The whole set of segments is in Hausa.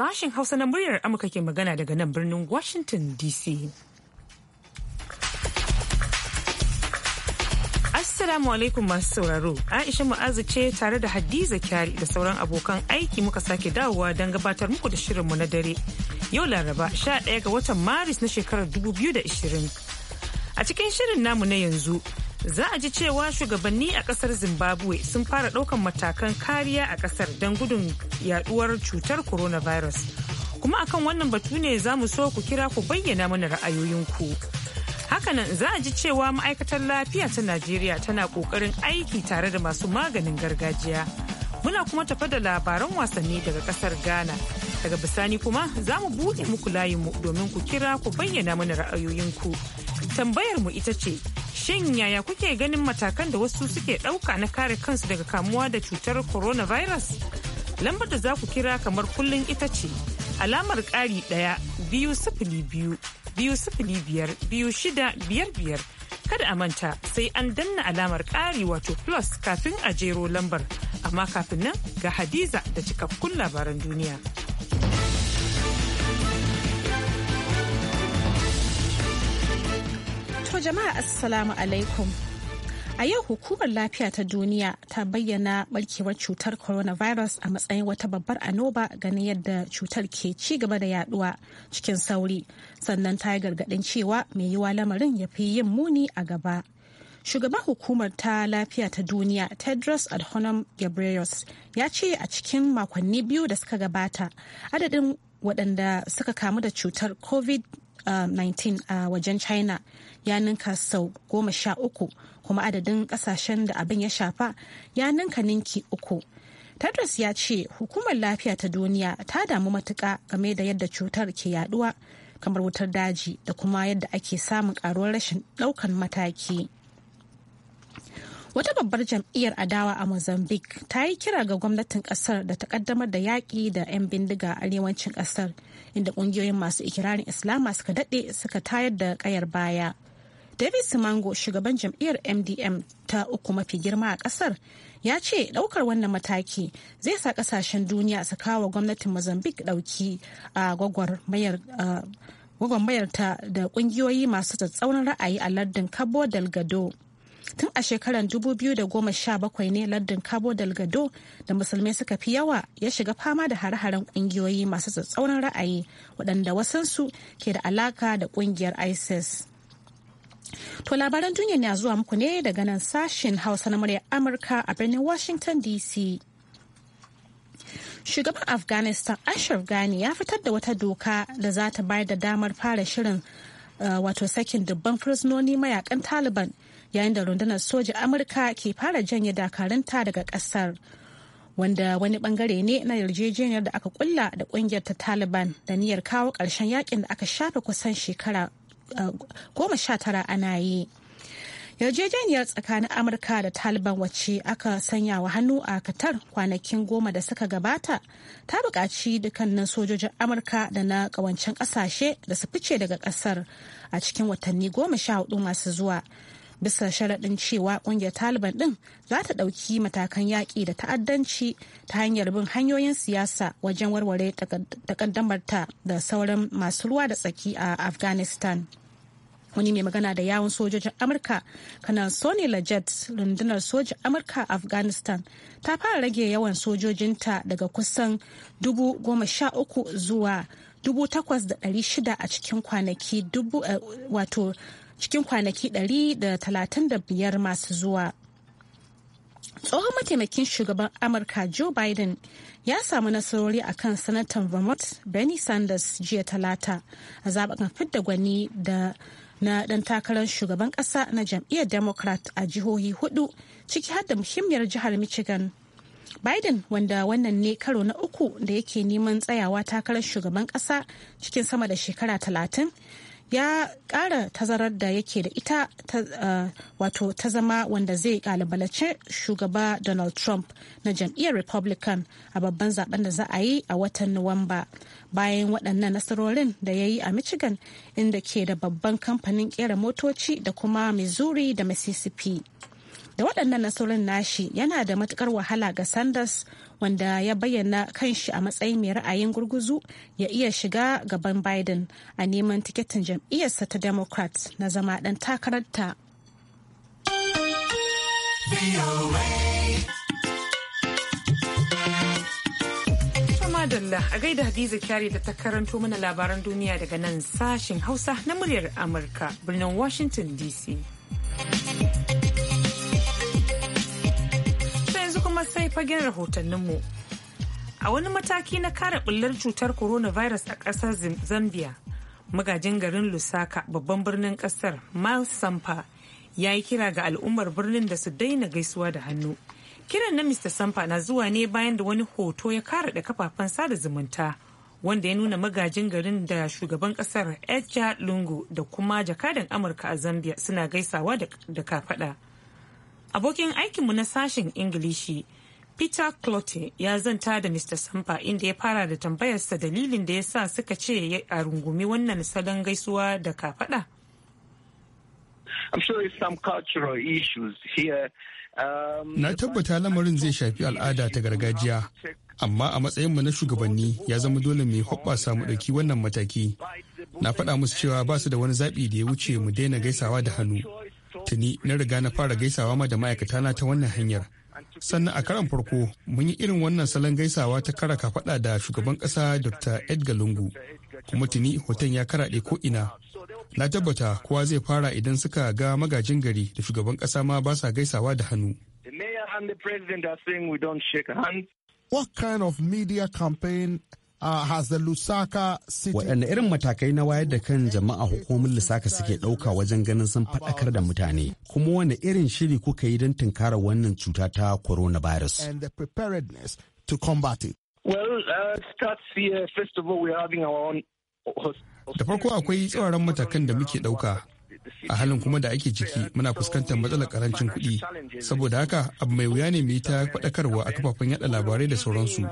Sashen Hausa na muryar Amurka ke magana daga nan birnin Washington DC. Assalamu alaikum masu sauraro, Aisha Mu'azu ce tare da Hadiza Kyari da sauran abokan aiki muka sake dawowa don gabatar muku da shirinmu na dare. Yau Laraba sha ɗaya ga watan Maris na shekarar 2020. A cikin shirin namu na yanzu, za a ji cewa shugabanni a kasar zimbabwe sun fara daukan matakan kariya a kasar don gudun yaduwar cutar coronavirus kuma akan wannan batu ne za mu so ku kira ku bayyana mana ra'ayoyinku hakanan za a ji cewa ma'aikatar lafiya ta najeriya tana kokarin aiki tare da masu maganin gargajiya muna kuma tafa da labaran wasanni daga kasar ghana daga bisani kuma za mu buɗe muku layinmu domin ku kira ku bayyana mana ra'ayoyinku tambayar mu ita ce Shin yaya kuke ganin matakan da wasu suke ɗauka na kare kansu daga kamuwa da cutar coronavirus? Lambar da za ku kira kamar kullum ita ce alamar ƙari ɗaya biyu sifili biyu biyu sifili biyar biyu shida biyar biyar. Kada a manta sai an danna alamar ƙari wato plus kafin a jero lambar. Amma kafin nan ga Hadiza da cikakkun labaran duniya. jama'a assalamu alaikum. A yau hukumar lafiya ta duniya ta bayyana barkewar cutar coronavirus a matsayin wata babbar annoba ganin yadda cutar ke ci gaba da yaduwa cikin sauri sannan ta yi gargadin cewa mai yiwa lamarin ya fi yin muni a gaba. Shugaban hukumar ta lafiya ta duniya Tedros Adhanom Ghebreyesus ya ce a cikin makonni biyu da suka gabata adadin waɗanda suka kamu da cutar covid 19 a wajen china ya ninka sau goma sha uku kuma adadin kasashen da abin ya shafa ya ninka ninki uku tedros ya ce hukumar lafiya ta duniya ta damu matuka game da yadda cutar ke yaduwa kamar wutar daji da kuma yadda ake samun karuwar rashin daukan mataki Wata babbar jam'iyyar adawa a Mozambique ta yi kira ga gwamnatin kasar da ta kaddamar da yaƙi da 'yan bindiga a arewacin kasar inda ƙungiyoyin masu ikirarin Islama suka daɗe suka tayar da ƙayar baya. David Simango, shugaban jam'iyyar MDM ta uku mafi girma a kasar, ya ce ɗaukar wannan mataki zai sa ƙasashen duniya su kawo gwamnatin Mozambique ɗauki a gwagwarmayar ta da ƙungiyoyi masu tsatsauran ra'ayi a lardin Cabo Delgado. tun a shekarar 2017 ne lardin cabo delgado da musulmai suka fi yawa ya shiga fama da hare-haren kungiyoyi masu tsatsauran ra'ayi waɗanda wasansu ke da alaka da kungiyar isis to labaran duniya na zuwa muku ne daga nan sashen hausa na muryar amurka a birnin washington dc shugaban afghanistan ashraf ghani ya fitar da wata doka da za ta bayar da damar fara shirin eh, wato sakin dubban fursunoni mayakan taliban yayin da rundunar soja amurka ke fara janye dakarunta daga kasar wanda wani bangare ne na yarjejeniyar da aka kulla da kungiyar ta taliban da niyyar kawo karshen yakin da aka shafe kusan shekara uh, goma sha tara ana yi yarjejeniyar tsakanin amurka da taliban wacce aka sanya wa hannu a katar kwanakin goma da suka gabata ta bukaci dukkanin sojojin amurka da na ƙawancen ƙasashe da su fice daga ƙasar a cikin watanni goma sha hudu masu zuwa bisa sharaɗin cewa ƙungiyar taliban ɗin za ta ɗauki matakan yaƙi da ta'addanci ta hanyar bin hanyoyin siyasa wajen warware takaddamarta da sauran masu ruwa da tsaki a afghanistan wani mai magana da yawon sojojin amurka kanan sony lajet rundunar sojin amurka afghanistan ta fara rage yawan sojojinta daga kusan dubu goma sha uku zuwa dubu takwas da ɗari shida a cikin kwanaki dubu eh, cikin kwanaki 135 masu zuwa. Tsohon mataimakin shugaban Amurka Joe Biden ya samu nasarori a kan sanatan Vermont Bernie Sanders jiya talata a zaɓen fidda gwani da na dan takarar shugaban ƙasa na jam'iyyar Democrat a jihohi hudu ciki har da muhimmiyar jihar Michigan Biden wanda wannan ne karo na uku da yake neman tsayawa takarar shugaban kasa cikin sama da shekara talatin ya kara tazarar da yake da ita uh, wato ta zama wanda zai kalibalace shugaba donald trump na jam'iyyar republican a babban zaben da za a yi a watan nuwamba bayan waɗannan nasarorin da ya yi a michigan inda ke da babban kamfanin kera motoci da kuma missouri da mississippi da waɗannan nasarorin nashi yana da matukar wahala ga sanders wanda ya bayyana kanshi a matsayin mai ra'ayin gurguzu ya iya shiga gaban biden a neman tiketin jam'iyyarsa ta democrat na zama ɗan takararta Madalla a gaida Hadiza Kyari da ta karanto mana labaran duniya daga nan sashin Hausa na muryar Amurka birnin Washington DC. kuma sai fagen rahotanninmu. A wani mataki na kare bullar cutar coronavirus a ƙasar Zambia, magajin garin Lusaka babban birnin ƙasar Miles Sampa ya yi kira ga al'ummar birnin da su daina gaisuwa da hannu. Kiran na Mr. Sampa na zuwa ne bayan da wani hoto ya kare da kafafen sada zumunta wanda ya nuna magajin garin da shugaban kasar Edgar Lungu da kuma jakadan Amurka a Zambia suna gaisawa da kafada. Abokin aikinmu na sashen Ingilishi, Peter Clotte ya zanta da Mr. Sampa inda ya fara da tambayarsa dalilin da ya sa suka ce a rungumi wannan salon gaisuwa da ka faɗa. Um, na tabbata lamarin zai shafi al'ada ta gargajiya, amma a matsayinmu na shugabanni ya zama dole mai hoɓɓasa mu ɗauki wannan mataki. Na faɗa musu cewa ba su da wani zaɓi da ya wuce mu daina gaisawa da hannu, tuni na riga na fara gaisawa ma da ma'aikata na ta wannan hanyar sannan a karan farko mun yi irin wannan salon gaisawa ta kara kafaɗa da shugaban ƙasa dr edgar lungu kuma tuni hoton ya karaɗe ko ina na tabbata kowa zai fara idan suka ga magajin gari da shugaban ƙasa ma ba sa gaisawa da hannu What kind of media campaign a Lusaka city. Waɗanne irin matakai na wayar da kan jama'a hukumomin Lusaka suke ɗauka wajen ganin sun faɗakar da mutane, kuma wani irin shiri kuka yi don tunkara wannan cuta ta coronavirus? And the preparedness Da farko akwai tsoron matakan da muke ɗauka a halin kuma da ake ciki muna fuskantar matsalar karancin kuɗi saboda haka abu mai wuya ne mu yi ta faɗakarwa a kafafen yada labarai da sauransu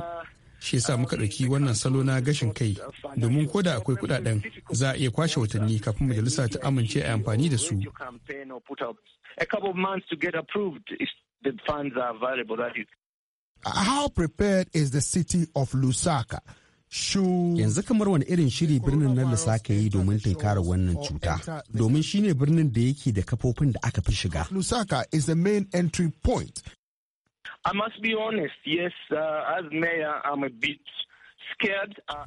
shi yasa muka ɗauki wannan salo na gashin kai domin ko da akwai kudaden za a iya kwashe watanni kafin majalisa ta amince a amfani da su How prepared is the city of Lusaka? Yanzu kamar wani irin shiri birnin na Lusaka yi domin tunkarar wannan cuta, domin shine birnin da yake da kafofin da aka fi shiga. Lusaka is the main entry point I must be honest, yes, uh, uh,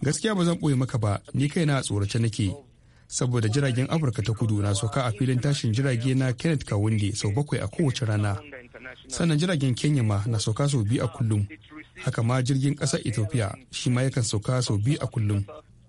Gaskiya ba zan ɓoye maka ba, ni kai na tsorace nake. Saboda jiragen Afirka ta kudu na sauka a filin tashin jirage na Kenneth Kawunde sau bakwai a kowace rana. Sannan jiragen Kenya ma na sauka sau biyu a kullum. Haka ma jirgin ƙasar Ethiopia shi ma yakan sauka sau biyu a kullum.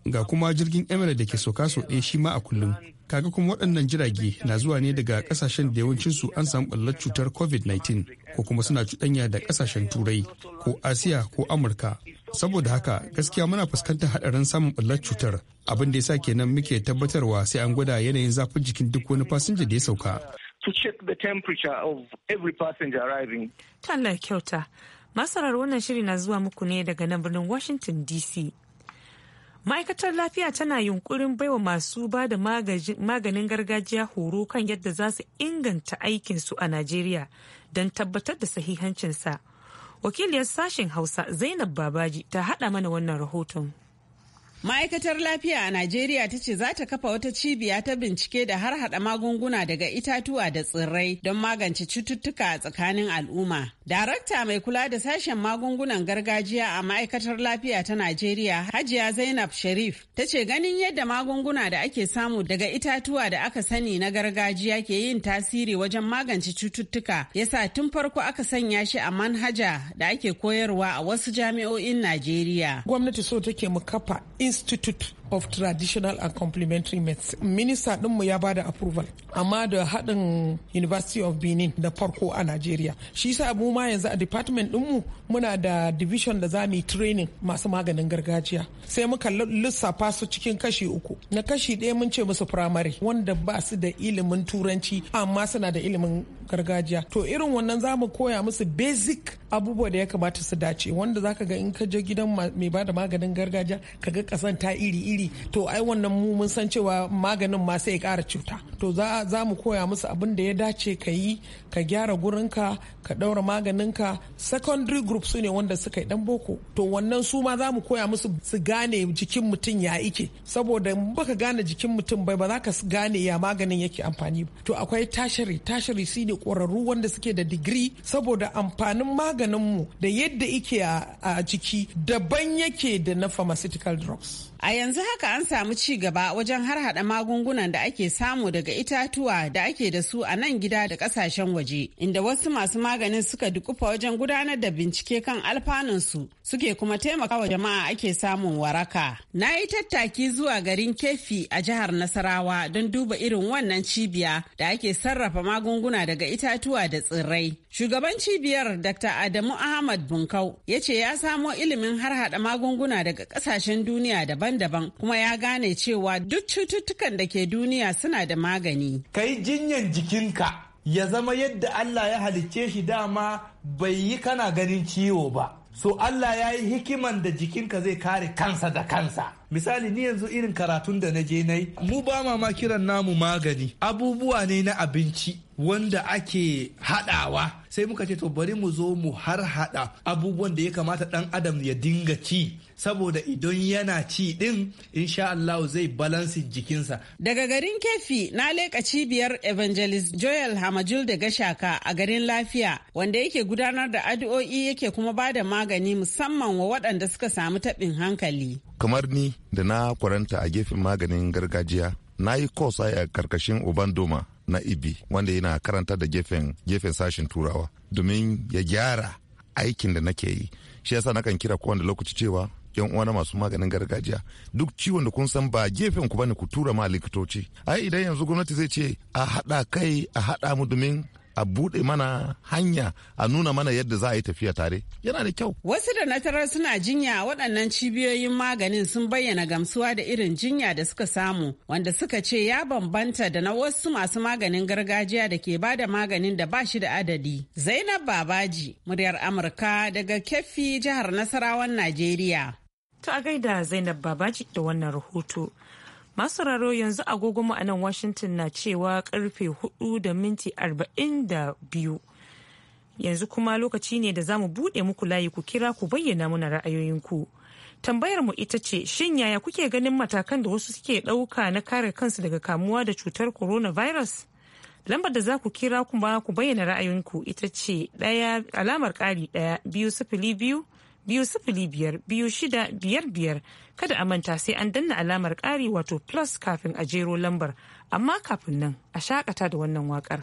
ga kuma jirgin emirates da ke sauka sau ɗaya shi ma a kullum kaga kuma waɗannan jirage na zuwa ne daga ƙasashen da yawancin su an samu ɓallar cutar covid-19 ko kuma suna cuɗanya da ƙasashen turai ko asiya ko amurka saboda haka gaskiya muna fuskantar haɗarin samun ɓallar cutar abin da ya sa kenan muke tabbatarwa sai an gwada yanayin zafin jikin duk wani fasinja da ya sauka Tallar the temperature of every passenger kyauta. Masarar wannan shiri na zuwa muku ne daga nan birnin Washington DC. ma'aikatar lafiya tana yunkurin baiwa masu ba da maganin gargajiya horo kan yadda za su inganta aikinsu a najeriya don tabbatar da sahihancinsa wakiliyar sashen hausa zainab babaji ta haɗa mana wannan rahoton Ma'aikatar lafiya a Najeriya ta ce za ta kafa wata cibiya ta bincike da har hada magunguna daga itatuwa da tsirrai don magance cututtuka a tsakanin al'umma. Darakta mai kula da sashen magungunan gargajiya a ma'aikatar lafiya ta Najeriya Hajiya Zainab Sharif ta ce ganin yadda magunguna da ake samu daga itatuwa da aka sani na gargajiya ke yin tasiri wajen magance cututtuka yasa tun farko aka sanya shi a manhaja da ake koyarwa a wasu jami'o'in Najeriya. Gwamnati so take mu kafa institute of traditional and complementary medicine minista dinmu ya bada approval amma da haɗin university of benin da farko a nigeria shi sa mu ma yanzu a department dinmu muna da division da za mu training masu maganin gargajiya sai muka lissafa su cikin kashi uku na kashi ɗaya mun ce musu primary wanda ba su da ilimin turanci amma suna da ilimin gargajiya to irin wannan za mu koya musu basic abubuwa da ya kamata su dace wanda zaka ga in ka je gidan mai ba da maganin gargajiya ka ga kasan ta iri iri to ai wannan mu mun san cewa maganin ma sai ya kara cuta to za mu koya musu abin da ya dace ka yi ka gyara gurinka ka daura maganinka secondary group su ne wanda suka yi dan boko to wannan su ma za mu koya musu su gane jikin mutum ya ike saboda baka gane jikin mutum bai ba za ka gane ya maganin yake amfani ba to akwai tashiri tashiri shine ƙwararru wanda suke da digiri saboda amfanin maganinmu da yadda ike a ciki daban yake da na pharmaceutical drugs. A yanzu haka an samu ci gaba wajen harhaɗa magungunan da ake samu daga itatuwa da ake da su a nan gida da ƙasashen waje, inda wasu masu maganin suka dukufa wajen gudanar da bincike kan alfanunsu suke kuma taimakawa jama'a ake samun waraka. Na yi tattaki zuwa garin Kefi a jihar Nasarawa don duba irin wannan cibiya da ake sarrafa magunguna daga daga itatuwa da tsirrai. Shugaban cibiyar Dr. Adamu Ahmad Bunkau ya ce ya samo ilimin har hada magunguna daga ƙasashen duniya daban-daban kuma ya gane cewa duk cututtukan da ke duniya suna da magani. Kai jinyan jikinka ya zama yadda Allah ya halicce shi dama bai yi kana ganin ciwo ba. So Allah ya yi hikiman da jikinka zai kare kansa da kansa. misali ni yanzu irin karatun da na je na yi mu ba ma kiran namu magani abubuwa ne na abinci wanda ake hadawa sai muka ce to bari mu zo mu har hada abubuwan da ya kamata dan adam ya dinga ci saboda idan yana ci din insha Allah zai balansi jikinsa daga garin kefi na leka cibiyar evangelist joel hamajul da gashaka a garin lafiya wanda yake gudanar da addu'o'i yake kuma ba da magani musamman wa waɗanda suka samu tabin hankali kamar ni da na kwaranta a gefen maganin gargajiya na yi kosa a karkashin obandoma na ibi wanda yana karanta da gefen gefen sashen turawa domin ya gyara aikin da nake yi shi yasa nakan kira kowane lokaci cewa yan uwana masu maganin gargajiya duk ciwon da kun san ba gefen ku bane ku tura ma likitoci ai idan yanzu gwamnati zai ce a hada kai a hada mu domin a buɗe mana hanya a nuna mana yadda za a yi tafiya tare yana da kyau wasu da natarar suna jinya waɗannan cibiyoyin maganin sun bayyana gamsuwa da irin jinya da suka samu wanda suka ce ya bambanta da na wasu masu maganin gargajiya da ke bada maganin da ba shi da adadi zainab babaji muryar amurka daga keffi jihar nasarawan najeriya Ta gaida zainab babaji da wannan rahoto Masu raro yanzu agogo mu a nan Washington na cewa karfe 4 da minti 42. Yanzu kuma lokaci ne da za mu buɗe muku layi ku kira ku bayyana muna ra'ayoyinku. Tambayar mu ita ce shin yaya kuke ganin matakan da wasu suke ɗauka na kare kansu daga kamuwa da cutar coronavirus? Lambar da za ku kira kuma ku bayyana ra'ayoyinku ita ce alamar ƙari ɗaya biyu sifili biyu biyu sifili biyar biyu shida biyar biyar kada a manta sai an danna alamar ƙari wato plus kafin a jero lambar amma kafin nan a shakata da wannan waƙar.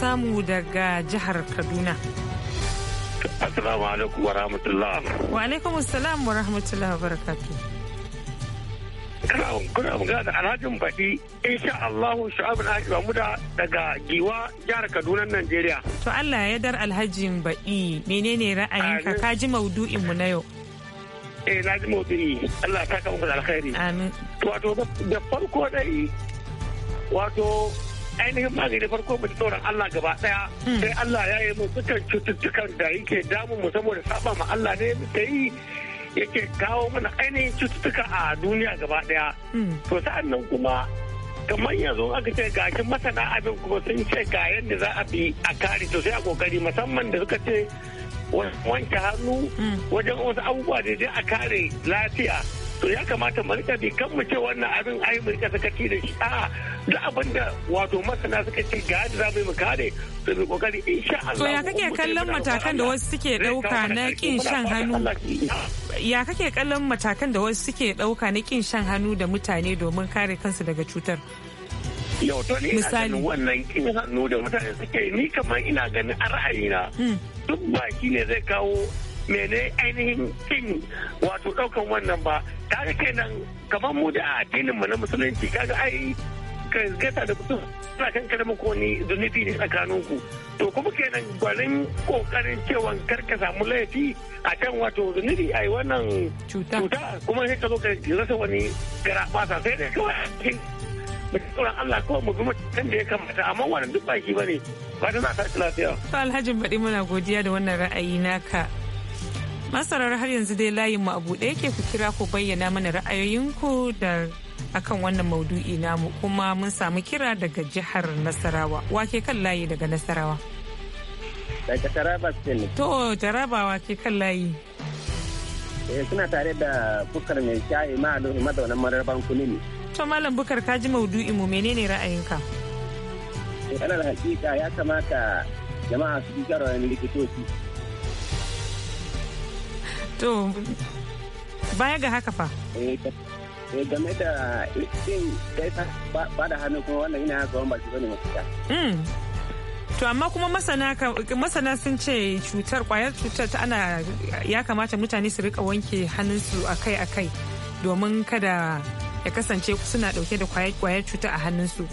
samu daga jihar Kaduna. Assalamu alaikum wa rahmatullah. Wa alaikum assalam wa rahmatullah wa barakatu. Kuna magana da Alhajin Baɗi, insha Allahu Shu'abu na Hajji Mahmuda daga Giwa, jihar Kaduna, Najeriya. To Allah ya dar Alhajin Baɗi, menene ra'ayinka ka ji maudu'in mu na yau? Eh, na ji maudu'i, Allah ta kama da alkhairi. Amin. Wato, da farko dai, wato ainihin magani farko mu tsora Allah gaba daya hmm. sai Allah ya yi mu dukkan cututtukan da yake damu mu saboda saba ma Allah ne muke yi yake kawo mana ainihin cututtuka a duniya gaba daya hmm. to sa'an nan kuma kamar yanzu aka ce gashin masana abin kuma sun ce ga yadda za a bi a kare to sai a kokari musamman da suka ce wanke hannu hmm. wajen wasu abubuwa da a kare lafiya to ya kamata mu rika bi kan mu ce wannan abin ai mu rika sakaci da shi a'a da abin da wato masana suka ce ga yadda za mu yi mu kare su bi kokari insha Allah to ya kake kallon matakan da wasu suke dauka na kin shan hannu ya kake kallon matakan da wasu suke dauka na kin shan hannu da mutane domin kare kansu daga cutar yau to ne a wannan kin hannu da mutane suke ni kamar ina ganin a ra'ayina hmm. duk baki ne zai kawo mene ainihin kin wato daukan wannan ba kaga kenan kamar mu da addinin mu na musulunci kaga ai ka gata da kusa suna kan karamin ko ni zunubi ne tsakanin ku to kuma kenan gwanin kokarin cewa kar ka samu laifi a kan wato zunubi ai wannan cuta kuma sai ka zo ka rasa wani gara basa sai dai kawai tsoron Allah kawai mu bi mutum da ya kamata amma wannan duk baki ba ne ba ta sa ta lafiya. Alhaji baɗi muna godiya da wannan ra'ayi naka masarar har yanzu dai layin mu a buɗe yake ku kira ku bayyana mana ra'ayoyinku da akan wannan maudu'i namu kuma mun samu kira daga jihar nasarawa wake kan layi daga nasarawa daga taraba to taraba wake kan layi eh, suna tare da bukar mai shayi ma'alu mazaunan marar bankuni ne to malam bukar ka ji maudu'i mu menene ra'ayinka da eh, hakika ya kamata jama'a su bi likitoci to baya ga haka fa eh, eh, game da ɗin gaisa ba da hannu kuma wannan yana gaban baki bane mafita hmm. to amma kuma masana sun ce cutar kwayar cutar ta ana ya kamata mutane su rika wanke hannunsu akai-akai domin kada ya kasance suna dauke da kwayar cuta a hannunsu.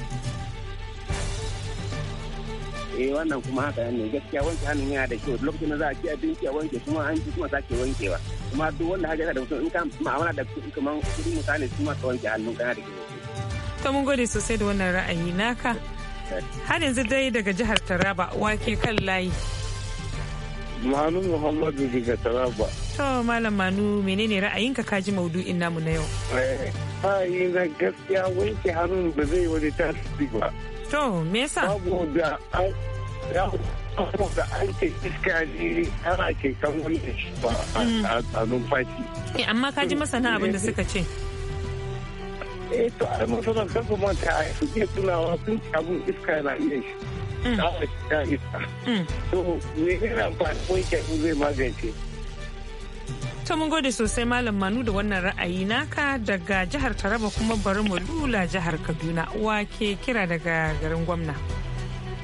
eh wannan kuma haka ne gaskiya wanke hannun yana da kyau lokacin da za a ci abinci a wanke kuma an ci kuma sake wankewa kuma duk wanda haka yana da mutum in ka ma'amala da kuɗi kamar kuɗin misali kuma ka wanke hannun kana da kyau. ta mun gode sosai da wannan ra'ayi naka har yanzu dai daga jihar taraba wake kan layi. Manu Muhammadu daga Taraba. To Malam Manu menene ra'ayinka ka ji maudu'in namu na yau? Eh, ra'ayi na gaskiya wanke hannun ba zai wani tasiri ba. To, me yasa? Saboda saboda an ke iska ne ana ke kawo da shi ba a mm. numfashi. Eh, amma ka ji mm. masana abin da suka ce. Eh to a masana kan ta su iya tunawa sun ci abin iska na iya shi. Ta mm. iska. To me ne amfani ko yake zai magance. ta mun gode sosai malam manu da wannan ra'ayi naka daga jihar taraba kuma bari mu lula jihar kaduna wake kira daga garin gwamna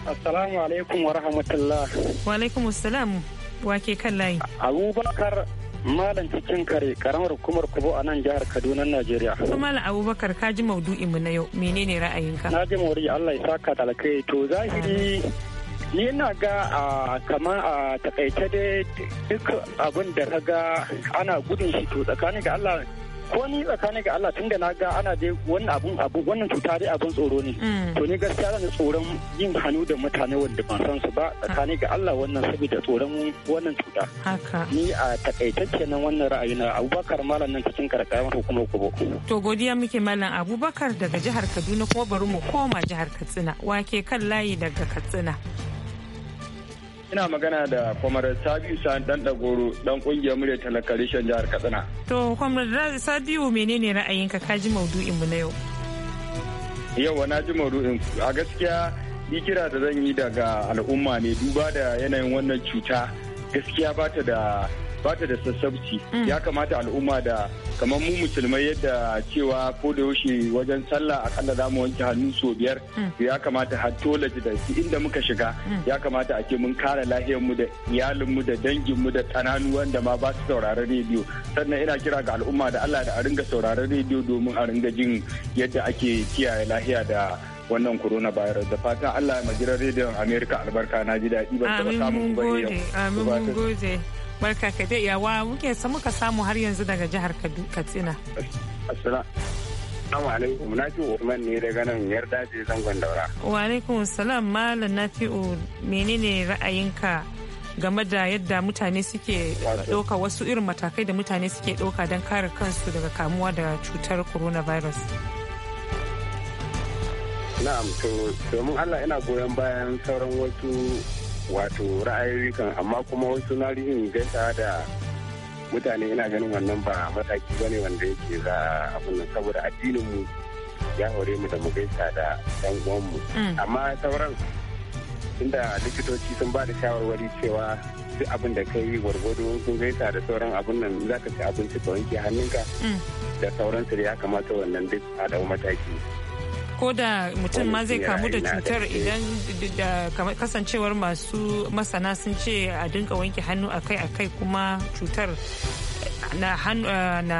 assalamu alaikum wa rahmatullah wa alaikum assalam wake kan layi abubakar malam cikin kare karamar hukumar kubo a nan jihar kaduna najeriya malam abubakar ka ji maudu'in mu na yau menene ra'ayinka na ji maudu'i allah ya saka talakai to zahiri ni na ga a kama a takaice dai duk abin da ta ga ana gudun shi to tsakanin ga Allah ko ni tsakanin ga Allah tunda na ga ana dai wannan abun abu wannan cuta dai abun tsoro ne mm. to ni gaskiya zan tsoron yin hannu da mutane wanda ban san su ba tsakanin ga Allah wannan saboda tsoron wannan cuta ni a takaitacce nan wannan ra'ayi na Abubakar Malam nan cikin karkarar hukumar Kubo to godiya muke Malam Abubakar daga jihar Kaduna kuma bari mu koma jihar Katsina wake kan layi daga Katsina Ina magana da Kwamar Sabiu Sani Dan Dagoro dan kungiyar murya talakar rishon jihar Katsina. To Kwamar Sabiu menene ra'ayinka ka ji maudu'in mu na yau? Yau na ji maudu'in a gaskiya ni kira da zan yi daga al'umma ne duba da yanayin wannan cuta gaskiya ba ta da bata da sassabci ya kamata al'umma da kamar mu musulmai yadda cewa ko da yaushe wajen sallah akalla za mu wanke hannu sau biyar ya kamata hattolaji da inda muka shiga ya kamata a ce mun kare mu da iyalinmu da dangin mu da tsananu wanda ma ba su sauraron rediyo sannan ina kira ga al'umma da Allah da a ringa sauraron rediyo domin a ringa jin yadda ake kiyaye lahiya da wannan virus da fatan Allah ya majira rediyon america albarka na ji daɗi ba ta samu ba yau. barka ka da iyawa muke san muka samu har yanzu daga jihar katsina assalamu alaikum na fi usman ne daga nan yar daji zangon daura wa alaikum salam malam Nafi'u fi menene ra'ayinka game da yadda mutane suke ɗauka wasu irin matakai da mutane suke ɗauka don kare kansu daga kamuwa da cutar coronavirus. na'am to domin allah ina goyon bayan sauran wasu wato ra'ayoyi kan amma kuma wasu na rijin gaisa da mutane ina ganin wannan ba mataki bane wanda yake za abin nan saboda addinin mu ya hore mu da mu gaisa da ɗan uwan mu mm. amma sauran inda likitoci sun ba da shawarwari cewa duk abin da ka yi gwargwado sun gaisa da sauran abin nan za ka ci abinci ka wanke hannunka mm. da sauransu da ya kamata wannan duk a dau mataki ko da mutum ma zai kamu da cutar idan da kasancewar masu masana sun ce a dinka wanke hannu akai-akai kuma cutar eh, na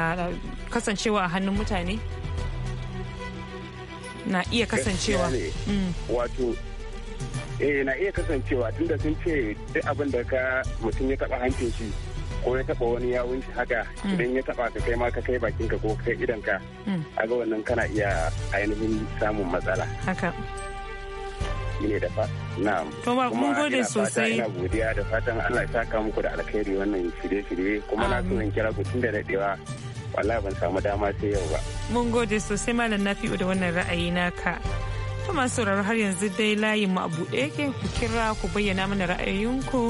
kasancewa a hannun mutane na iya kasancewa mm. wato eh na iya kasancewa tunda sun ce duk abin da ka mutum ya taba hancin shi ko ya taba wani yawanci shi haka mm. idan ya taba ka kai ma ka kai bakin ka ko kai idan mm. ka ga wannan kana iya ainihin samun matsala haka ne da fa to ba mun gode sosai ina godiya da fatan Allah ya saka muku da alkhairi wannan shirye-shirye kuma na so in kira ku tun da dadewa wallahi ban samu dama sai yau ba mun gode sosai malam nafi'u da wannan ra'ayi naka to masu sauraro har yanzu dai layin mu a buɗe yake ku kira ku bayyana mana ra'ayoyinku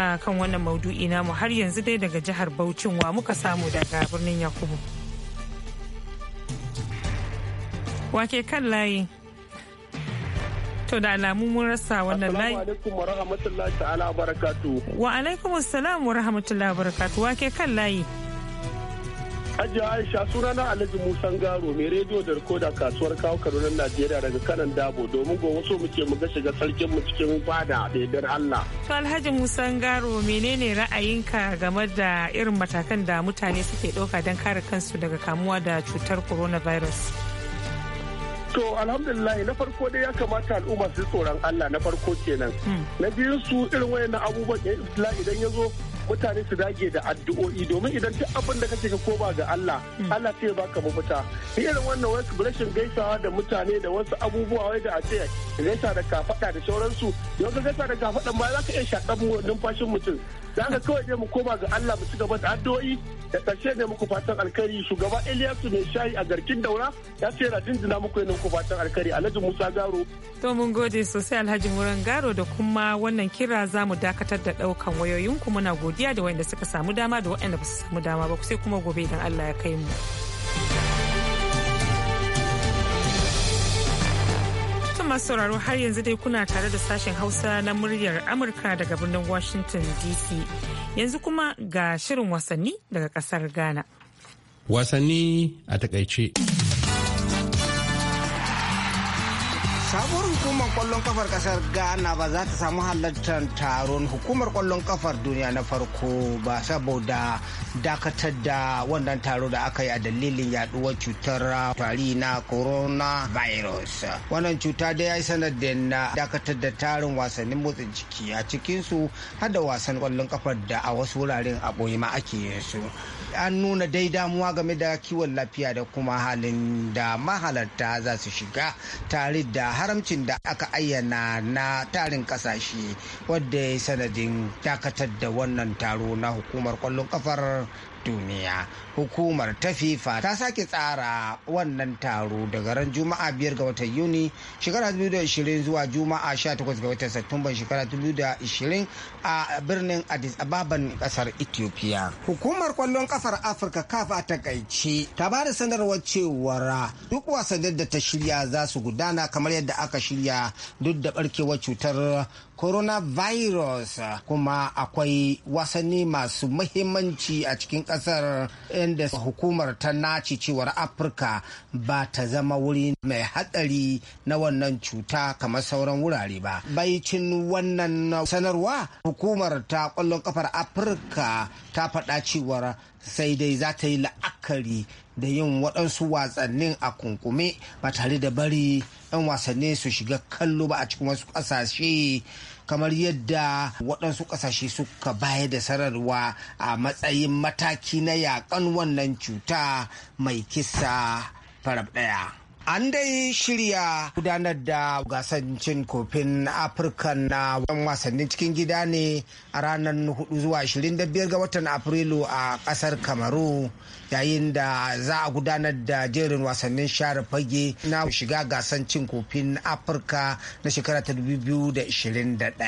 a kan wannan maudu'i namu har yanzu dai daga jihar Bauchin wa muka samu daga birnin Yakubu. Wake kan layi. To da alamu mun rasa wannan layi. Assalamu alaikum wa rahmatullahi ta'ala wa barakatuhu. Wa alaikum assalam wa rahmatullahi wa barakatuhu. Wake kan layi. hajji Aisha suna na Alhaji Musan Garo mai rediyo da rikoda kasuwar kawo Kaduna Najeriya daga kanan Dabo domin gobe so muke mu ga shiga sarkin mu cikin fada da yardar Allah. To Alhaji Musan Garo menene ra'ayinka game da irin matakan da mutane suke ɗauka don kare kansu daga kamuwa da cutar coronavirus? To alhamdulillah na farko dai ya kamata al'umma su tsoron Allah na farko kenan. Hmm. Na biyu su irin wayannan abubuwan eh, idan ya zo mutane su dage da addu'o'i domin idan duk abin da kake ka ba ga Allah hmm. Allah sai ya baka mafita ni irin wannan wasu rashin gaisawa da mutane da wasu abubuwa wai da a ce gaisa da kafada da sauransu yau ka gaisa da kafadan ba za ka iya shaɗan numfashin mutum da ka kawai ne mu koma ga Allah mu ci gaba da addu'o'i da karshe ne muku fatan alkhairi shugaba Ilyasu mai shayi a garkin daura ya ce yana jinjina muku ne muku fatan alkhairi Alhaji Musa Garo. To mun gode sosai Alhaji Muran Garo da kuma wannan kira za mu dakatar da ɗaukan ku muna godiya da wanda suka samu dama da wayanda ba su samu dama ba sai kuma gobe idan Allah ya kai mu. masu sauraro har yanzu dai kuna tare da sashen Hausa na muryar Amurka daga birnin Washington DC. Yanzu kuma ga shirin wasanni daga kasar Ghana. Wasanni a takaice. Sabuwar hukumar kwallon kafar kasar ghana ba za ta samu halartar taron hukumar kwallon kafar duniya na farko ba saboda dakatar da wannan taro da aka yi a dalilin yaduwar cutar tari na coronavirus wannan cuta da ya yi sanadin na dakatar da tarin wasannin motsa jiki a cikinsu har wasan kwallon kafar da a wasu wuraren a ake yin su an nuna dai damuwa game da kiwon lafiya da kuma halin da mahalarta za su shiga tare da haramcin da aka ayyana na tarin kasashe wadda ya sanadin dakatar da wannan taro na hukumar kwallon kafar duniya hukumar ta fifa ta sake tsara wannan taro daga ran juma'a biyar ga watan yuni shekara 2020 zuwa juma'a 18 ga watan satumban shekara 2020 a birnin addis ababan kasar ethiopia hukumar kwallon kafar afirka kaf ta kaice ta ba da sanarwar cewar duk wasannin da ta shirya za su gudana kamar yadda aka shirya duk da barkewar cutar coronavirus kuma akwai wasanni masu mahimmanci a cikin kasar inda hukumar ta naci cewar afirka ba ta zama wuri mai hatsari na wannan cuta kamar sauran wurare ba baicin wannan sanarwa hukumar ta kwallon kafar afirka ta faɗa cewar sai dai za ta yi la'akari da yin waɗansu wasannin a kunkume ba tare da bari 'yan wasanni su shiga kallo ba a cikin wasu ƙasashe kamar yadda waɗansu ƙasashe suka bayar da sararwa a matsayin mataki na yaƙan wannan cuta mai kisa farab ɗaya. An dai shirya gudanar da cin kofin Afirka na wasannin cikin gida ne a ranar 4 zuwa 25 ga watan Afrilu a kasar Kamaru yayin da za a gudanar da jerin wasannin share fage na shiga gasar cin kofin Afirka na shekara ta 2021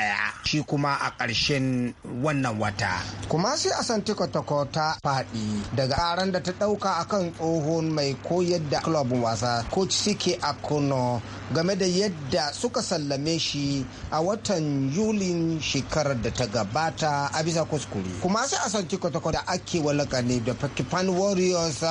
shi kuma a ƙarshen wannan wata. Kuma sai a san ta faɗi daga aran da ta ɗauka akan tsohon mai koyar da wasa ko suke Sike Akono game da yadda suka sallame shi a watan Yulin shekarar da ta gabata a bisa kuskure. Kuma sai a son kwata da ake walaka ne da Pakistan Warriors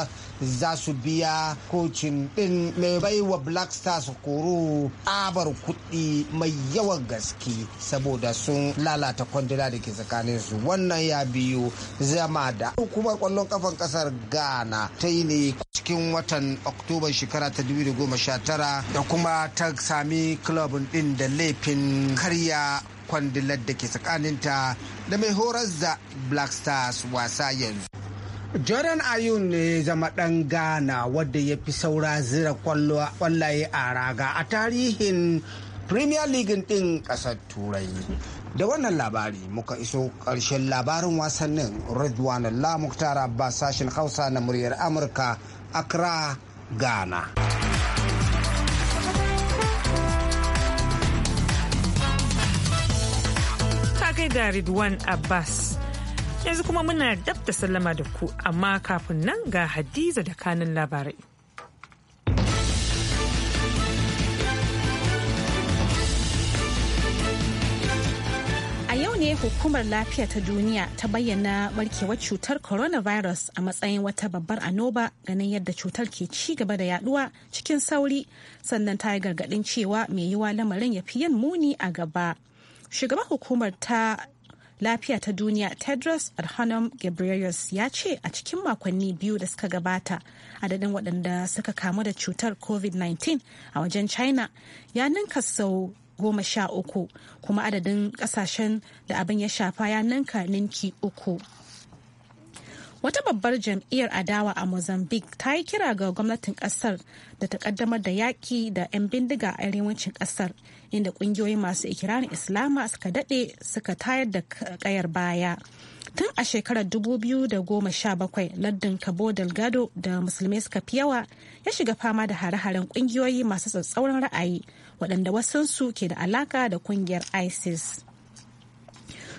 za su biya kocin ɗin mai baiwa black stars koro abar kuɗi mai yawan gaske saboda sun lalata kwandila da ke tsakanin su wannan ya biyo zama da hukumar kwallon kafan kasar ghana ta yi ne cikin watan oktoba shekara ta 2019 da kuma ta sami club ɗin da laifin karya kwandilar da ke tsakaninta da mai horar da black stars wasa yanzu jordan ayun ne zama ɗan ghana wadda ya fi saura zira kwallaye a raga a tarihin premier league ɗin ƙasar turai da wannan labari muka iso ƙarshen labarin wasannin redwan la muktar abbas sashen hausa na muryar amurka accra ghana kai da Ridwan Abbas Yanzu kuma muna dab da sallama da ku amma kafin nan ga Hadiza da kanin labarai. A yau ne hukumar lafiya ta duniya ta bayyana barkewar cutar coronavirus a matsayin wata babbar anoba ganin yadda cutar ke ci gaba da yaduwa cikin sauri sannan ta yi gargadin cewa mai yiwa lamarin ya fi yin muni a gaba. shugaban hukumar ta lafiya ta duniya tedros adhanom ghebreyesus ya ce a cikin makonni biyu da suka gabata adadin waɗanda suka kamu da cutar covid-19 a wajen china ya ninka sau goma sha uku kuma adadin ƙasashen da abin ya shafa ya ninka ninki uku Wata babbar jam'iyyar adawa a Mozambique ta yi kira ga gwamnatin kasar da ta kaddamar da yaƙi da 'yan bindiga a arewacin kasar inda ƙungiyoyi masu ikirarin Islama suka daɗe suka tayar da ƙayar baya. Tun a shekarar 2017 lardin Cabo Delgado da musulmai suka fi yawa ya shiga fama da hare-haren ƙungiyoyi masu tsatsauran ra'ayi waɗanda wasansu ke da alaka da ƙungiyar ISIS.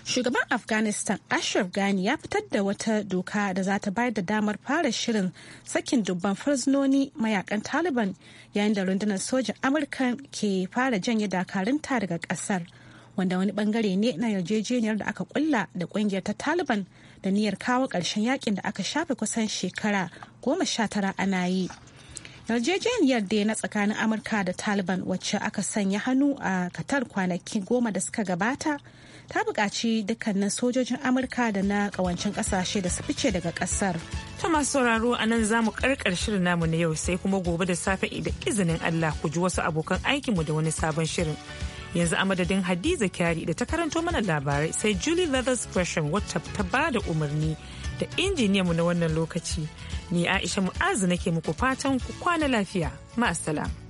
shugaban afghanistan ashraf ghani ya fitar da wata doka da za ta bayar da damar fara shirin sakin dubban farzinoni mayakan taliban yayin da rundunar sojin amurka ke fara janye dakarunta daga kasar wanda wani bangare ne na yarjejeniyar da aka kulla da kungiyar ta taliban da niyyar kawo ƙarshen yakin da aka shafe kusan shekara goma sha tara ana yi yarjejeniyar da na tsakanin amurka da taliban wacce aka sanya hannu a katar kwanaki goma da suka gabata ta buƙaci dukkanin sojojin amurka da na ƙawancin ƙasashe da su fice daga ƙasar ta masu sauraro a nan za mu karkar shirin namu na yau sai kuma gobe da safe da izinin allah ku ji wasu abokan aikinmu da wani sabon shirin yanzu a madadin hadiza kyari da ta karanto mana labarai sai julie leathers gresham wata ta ba da umarni da injiniyanmu na wannan lokaci ni aisha mu'azu nake muku fatan ku kwana lafiya ma'asala.